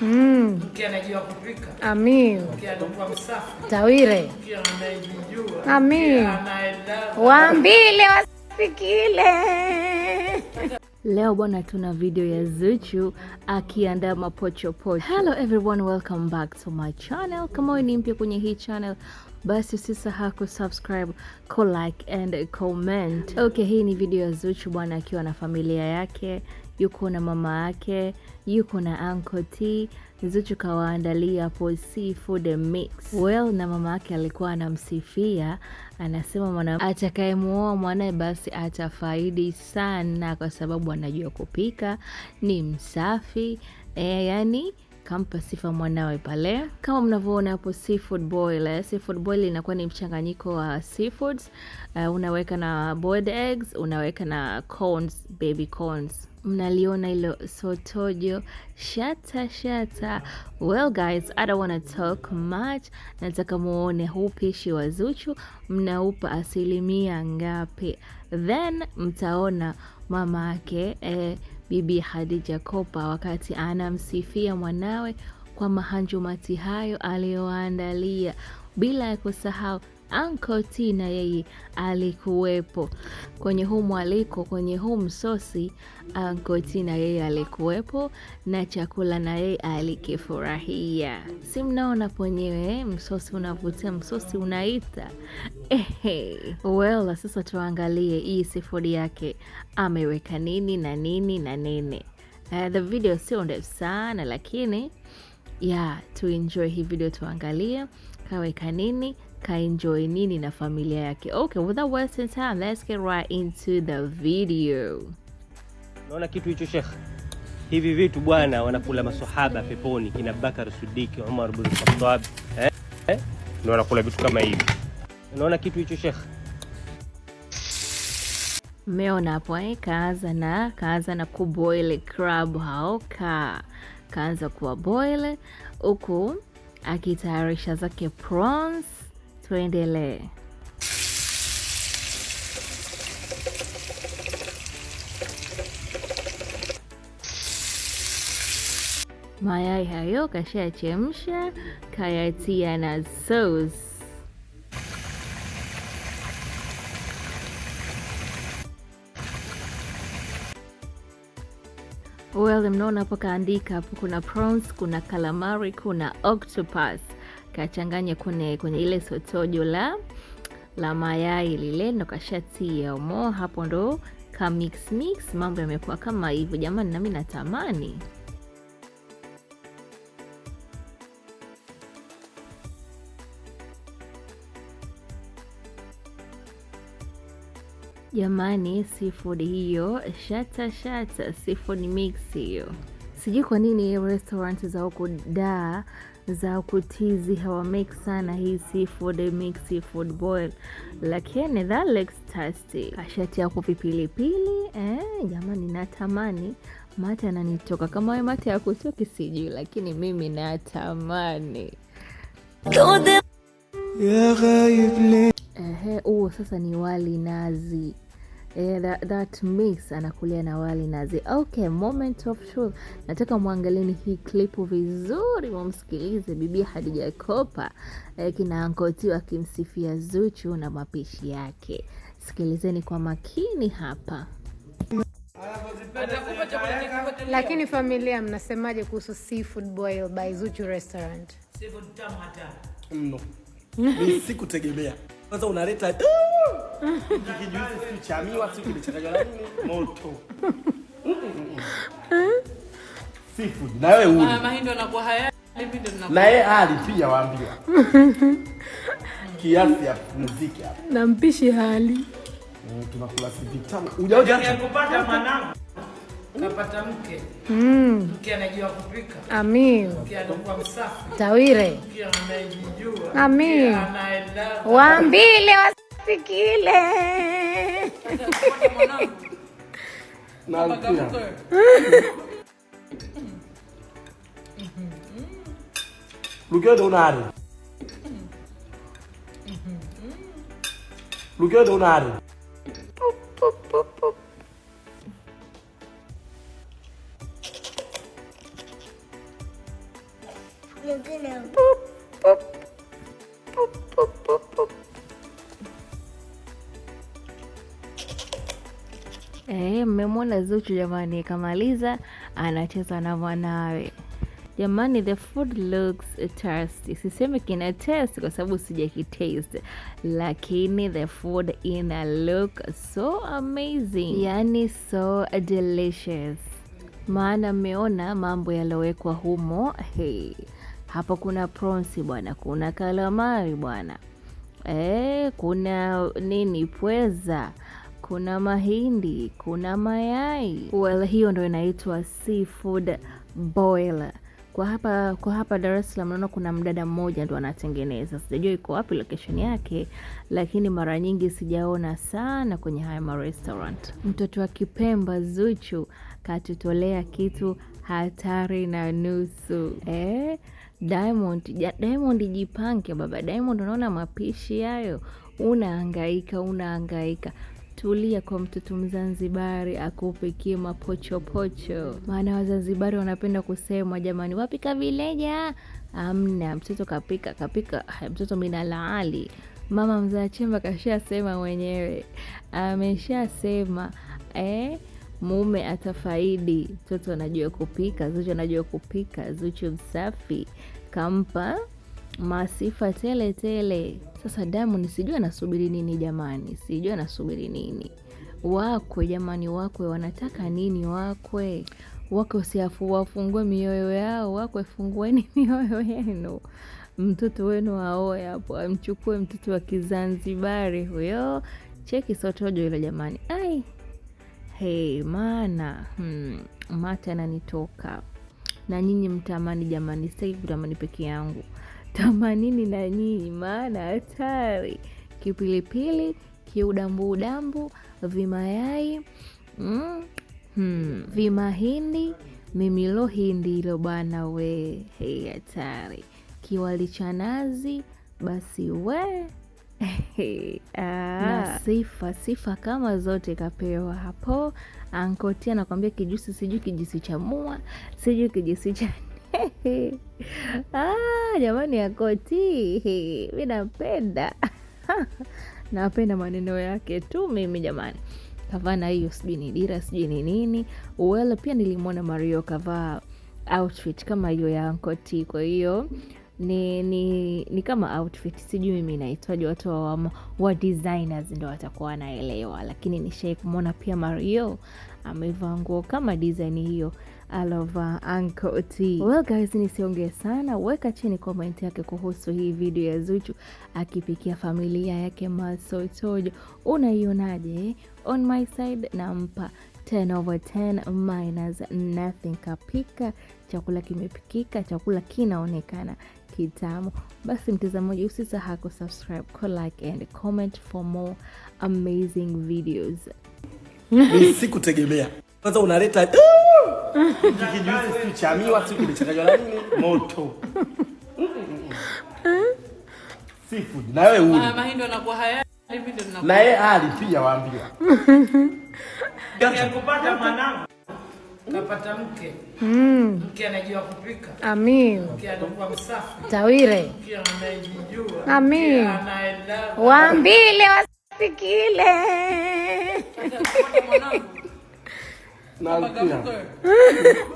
Mm. Anajua kupika. Amin. Tawire. Amin. Waambile wasikile. Leo bwana, tuna video ya Zuchu akiandaa mapochopocho. Hello everyone, welcome back to my channel. Kama wewe ni mpya kwenye hii channel basi usisahau kusubscribe, ku like and comment. Okay, hii ni video ya Zuchu bwana akiwa na familia yake yuko na mama yake, yuko na Uncle T. Zuchu kawaandalia hapo seafood mix. Well, na mama yake alikuwa anamsifia, anasema mwana atakayemuoa mwanae basi atafaidi sana, kwa sababu anajua kupika, ni msafi e, yani kampa sifa mwanawe pale. Kama mnavyoona hapo seafood boil, eh, seafood boil inakuwa ni mchanganyiko wa seafoods. Uh, unaweka na boiled eggs, unaweka na corns, baby corns mnaliona ilo sotojo shata shata. Well guys, I don't wanna talk much, nataka muone huu pishi wa Zuchu mnaupa asilimia ngapi, then mtaona mama ake eh, Bibi Khadija Kopa wakati anamsifia mwanawe kwa mahanjumati hayo aliyoandalia, bila ya kusahau Uncle T na yeye alikuwepo kwenye huu mwaliko, kwenye huu msosi. Uncle T na yeye alikuwepo na chakula na yeye alikifurahia. Si mnaona ponyewe, eh? msosi unavutia, msosi unaita. Ehe, well, sasa tuangalie hii sifodi yake ameweka nini na nini na nini. Uh, the video sio ndefu sana lakini ya yeah, tuenjoy hii video, tuangalie kaweka nini kaenjoy nini na familia yake. Okay, without wasting time, let's get right into the video. Naona kitu hicho Sheikh. Hivi vitu bwana wanakula maswahaba peponi kina Bakar Siddiq, Umar bin Khattab. Eh? Eh? Ndio wanakula vitu kama hivi. Naona kitu hicho Sheikh. Meona hapo eh, kaanza na kaanza na kuboil crab hao ka kaanza kuwa boil huku akitayarisha zake prawns Tuendelee. Mayai hayo kashayachemsha, kayatia na sauce. Well, mnaona hapo kaandika hapo, kuna prawns, kuna calamari, kuna octopus kachanganye kune kwenye ile sotojo la la mayai lile, ndo kashatia umo hapo, ndo ka mix mix, mambo yamekuwa kama hivyo. Jamani, nami natamani Jamani, seafood hiyo shata shata, seafood mix hiyo. Sijui kwa nini restaurant za huku da za kutizi hawamake sana hii seafood mix seafood boil, lakini that looks tasty. Kashati yako vipilipili eh, jamani natamani mate ananitoka kama wewe mate ya kutoki sijui, lakini mimi natamani Ehe, huo uh, sasa ni wali nazi Yeah, that, that mix anakulia na wali nazi. Okay, moment of truth. Nataka muangalini hii klipu vizuri, mumsikilize bibi Hadija Kopa eh, kina Ankoti akimsifia Zuchu na mapishi yake. Sikilizeni kwa makini hapa. Lakini familia, mnasemaje kuhusu seafood boil by Zuchu restaurant? Seafood tamu hata. Mno. Mimi sikutegemea. Kwanza unaleta Kikijuisi cha kimechanganywa na nini? Moto. Seafood. Na wewe uli. Mahindi yanakuwa haya. Na yeye hali pia waambia. Kiasi ya muziki hapa. Na mpishi hali. Tunakula si vitamu. Hujaoja hata. Nikupata mke. Mm. Mke anajua kupika. Amin. Mke anakuwa msafi. Tawire. Mke anajijua. Amin. Waambile wasi tequila. Look at Donado. Look at Donado. mmemwona Zuchu jamani, kamaliza anacheza na mwanawe jamani, the food looks tasty. Sisemi kina taste kwa sababu sijakitaste, lakini the food ina look so amazing, yani so delicious, maana mmeona mambo yaliowekwa humo. Hey, hapo kuna prawns bwana, kuna kalamari bwana, eh, kuna nini pweza kuna mahindi, kuna mayai. Well, hiyo ndo inaitwa seafood boil. Kwa hapa kwa hapa Dar es Salaam naona kuna mdada mmoja ndo anatengeneza, sijajua iko wapi location yake, lakini mara nyingi sijaona sana kwenye haya ma restaurant. Mtoto wa Kipemba Zuchu katutolea kitu hatari na nusu eh? Diamond ja, Diamond jipange baba Diamond, unaona mapishi hayo, unahangaika unahangaika tulia kwa mtoto Mzanzibari akupikie mapochopocho, maana Wazanzibari wanapenda kusema jamani, wapika vileja amna, mtoto kapika kapika, mtoto minalaali. Mama mzaa chemba kashasema mwenyewe, ameshasema eh, mume atafaidi. Mtoto anajua kupika, Zuchu anajua kupika, Zuchu msafi, kampa Masifa tele tele. Sasa Diamond sijui anasubiri nini jamani, sijui anasubiri nini. Wakwe jamani, wakwe wanataka nini? Wakwe wakwe usiafu wafungue mioyo yao, wakwe fungueni mioyo yenu, mtoto wenu aoe hapo, amchukue mtoto wa Kizanzibari huyo. Cheki sotojo hilo jamani, ai hey, maana hmm, mate ananitoka na nyinyi mtamani jamani, sitaki kutamani peke yangu, tamanini na nyinyi, maana hatari kipilipili, kiudambuudambu, vimayai mm, hmm, vimahindi, mimilo hindi ilo bana we, hei hatari, kiwali cha nazi basi we Ah. na sifa sifa kama zote kapewa hapo. ankoti anakwambia kijusi, sijui kijusi cha mua, sijui kijusi cha Ah, jamani Ankoti, mi napenda napenda maneno yake tu mimi jamani. Kavaa na hiyo sijui ni dira sijui ni nini. Well, pia nilimwona Mario kavaa outfit kama hiyo ya Ankoti, kwa hiyo ni, ni, ni kama outfit sijui mimi inaitwaje, watu wa, wa designers ndo watakuwa wanaelewa, lakini nishai kumwona pia Mario amevaa nguo kama design hiyo alova Uncle T. Well guys, nisiongee sana, weka chini comment yake kuhusu hii video ya Zuchu akipikia familia yake masotojo. Unaionaje? On my side nampa 10 over 10 minus nothing. Kapika chakula, kimepikika chakula, kinaonekana kitamu. Basi mtazamaji, usisahau kusubscribe, ku like and comment for more amazing videos. Sikutegemea kwanza unaleta chamiwa kimechanganywa na nini moto eh? na wewe ah, anakuwa na yeye ali pia waambiwa Napata mke. Mm. Mke anajua kupika. Amin. Mke anakuwa msafi. Tawire. Mke anajijua. Amin. Waambile wasikile. Na